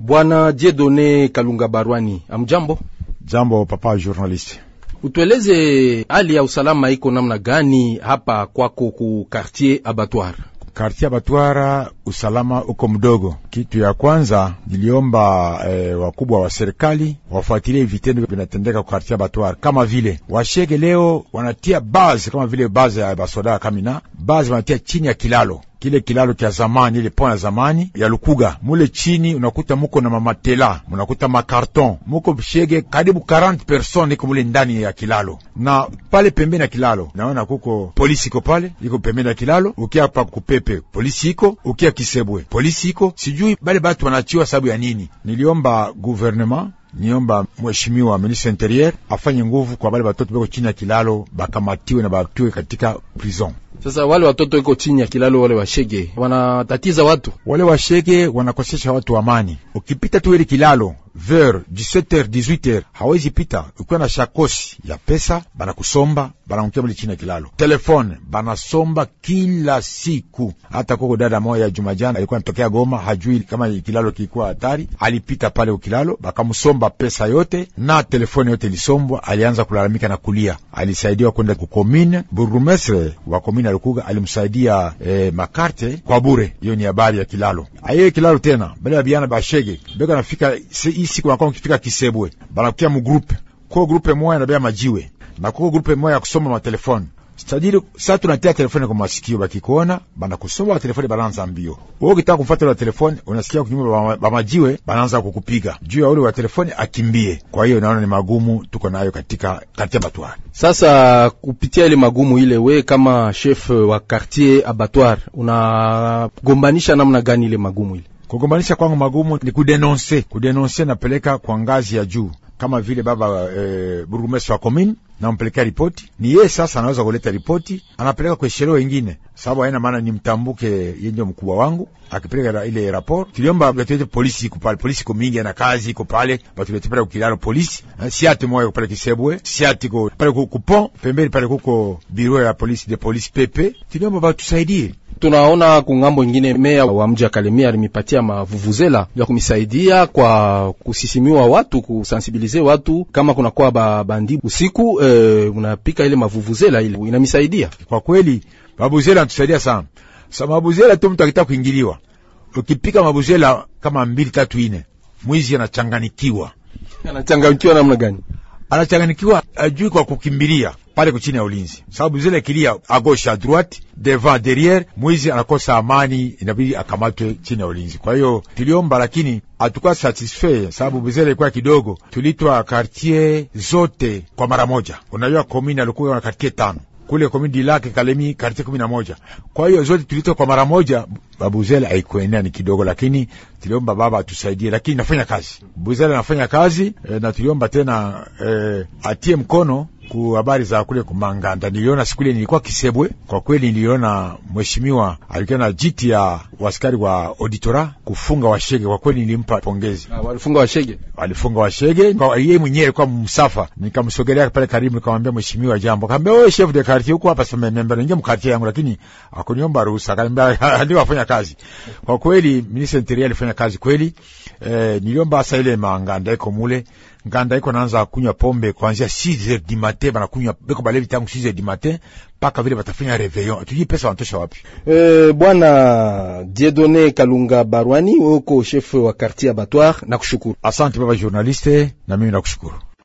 Bwana Jedone Kalunga Barwani, amjambo. Jambo papa journaliste, utueleze hali ya usalama iko namna gani hapa kwako ku quartier Abattoir? Quartier Abattoir usalama uko mdogo. Kitu ya kwanza niliomba e, wakubwa wa serikali wafuatilie vitendo vinatendeka kwa kartia Batware, kama vile washege leo wanatia bazi, kama vile bazi ya basoda Kamina, bazi wanatia chini ya kilalo kile kilalo cha zamani, ile pona ya zamani ya Lukuga mule chini, unakuta muko na mamatela, munakuta makarton, muko shege karibu 40 personnes iko mule ndani ya kilalo, na pale pembeni ya kilalo naona kuko polisi iko pale, iko pembeni ya kilalo. Ukia pa kupepe polisi iko, ukia Kisebwe, polisi iko sijui bale batu wanachiwa sababu ya nini. Niliomba guvernema niomba mheshimiwa ministre interieur afanye nguvu kwa bale batoto beko chini ya kilalo bakamatiwe na batiwe katika prison. Sasa wale watoto iko chini ya kilalo, wale washege wanatatiza watu, wale washege wanakosesha watu amani. Ukipita tu ile kilalo vers 17h 18h hawezi pita, ukiwa na shakosi ya pesa bana banakusomba, banakutia mle chini ya kilalo. Telefone bana somba kila siku. Hata koko dada moya jumajana alikuwa anatokea Goma, hajui kama kilalo kilikuwa hatari, alipita pale ukilalo, bakamsomba pesa yote na telefone yote ilisombwa. Alianza kulalamika na kulia, alisaidiwa kwenda kukomine. Burgumestre wa komine alikuga alimsaidia eh, makarte kwa bure. Hiyo ni habari ya kilalo, aye kilalo tena bale ya biana bashege beka nafika si siku nakuwa mukifika Kisebwe banakutia mugrupe, kuko grupe moya nabea majiwe na kuko grupe moya ya kusoma matelefoni sajili sa tunatia telefoni kwa masikio, bakikuona banakusoma telefoni, bananza mbio. Wewe ukitaka kufuata ile telefoni, unasikia kunyuma ba majiwe bananza kukupiga juu ya ule wa telefoni, akimbie. Kwa hiyo naona ni magumu tuko nayo katika kati ya Batwar. Sasa kupitia ile magumu ile, we kama chef wa quartier Abattoir, unagombanisha namna gani ile magumu ile? Kugombanisha kwangu magumu ni kudenonse, kudenonse napeleka kwa ngazi ya juu kama vile baba e, eh, burgumestre wa komini nampelekea ripoti, ni yeye sasa anaweza kuleta ripoti, anapeleka kwa shelo wengine, sababu haina maana nimtambuke yeye ndio mkubwa wangu. Akipeleka ra, ile rapport, tuliomba batulete polisi, iko pale polisi, iko mingi ana kazi iko pale, batulete pale kukilalo polisi, eh, siati ati moyo pale Kisebwe, siati ko pale kupon pembeni pale, kuko biro ya polisi de polisi pepe, tuliomba batusaidie Tunaona kungambo ingine meya wa mji wa Kalemie alimipatia mavuvuzela ya kumisaidia kwa kusisimiwa watu kusensibilize watu kama kunakuwa babandi usiku e, unapika ile mavuvuzela ile inamisaidia kwa kweli. Mabuzela anatusaidia sana sa mabuzela tu mtu akitaka kuingiliwa, ukipika mabuzela kama mbili tatu ine, mwizi anachanganikiwa. Anachanganikiwa namna gani? anachanganikiwa, ajui kwa kukimbilia pale kuchini ya ulinzi, sababu zile kilia agoshe a droite devant derriere, mwizi anakosa amani, inabidi akamatwe chini ya ulinzi. Kwa hiyo tuliomba, lakini hatukuwa satisfait, sababu bizele ilikuwa kidogo. Tulitwa kartier zote kwa mara moja. Unajua komini alikuwa na kartier tano kule komini dilake Kalemi, kartier kumi na moja. Kwa hiyo zote tulitwa kwa mara moja Babuzela ni kidogo, lakini tuliomba baba atusaidie, lakini nafanya kazi Buzela nafanya kazi e, na tuliomba tena e, atie mkono ku habari za kule kumanganda. Niliona siku ile nilikuwa Kisebwe, kwa kweli niliona mheshimiwa alikuwa na jiti ya waskari wa auditora kufunga washege. Kwa kweli nilimpa pongezi, ah, walifunga washege, walifunga washege. Yeye mwenyewe kwa msafa, nikamsogelea pale karibu, nikamwambia mheshimiwa, jambo. Kaambia wewe chef de quartier huko hapa, sema niambia ningie mkartie yangu, lakini akuniomba ruhusa, kaambia ndio afanya kazi. Kwa kweli ministre interior alifanya kazi kweli. Eh, niliomba sasa ile manganda iko mule nganda iko naanza kunywa pombe kuanzia 6h du matin, kunywa beko balevi tangu 6h du matin mpaka vile batafanya reveillon, tujui pesa wanatosha wapi? E, bwana Diedone Kalunga Barwani, wewe uko chef wa quartier Abattoir, nakushukuru. Asante baba journaliste, na mimi nakushukuru.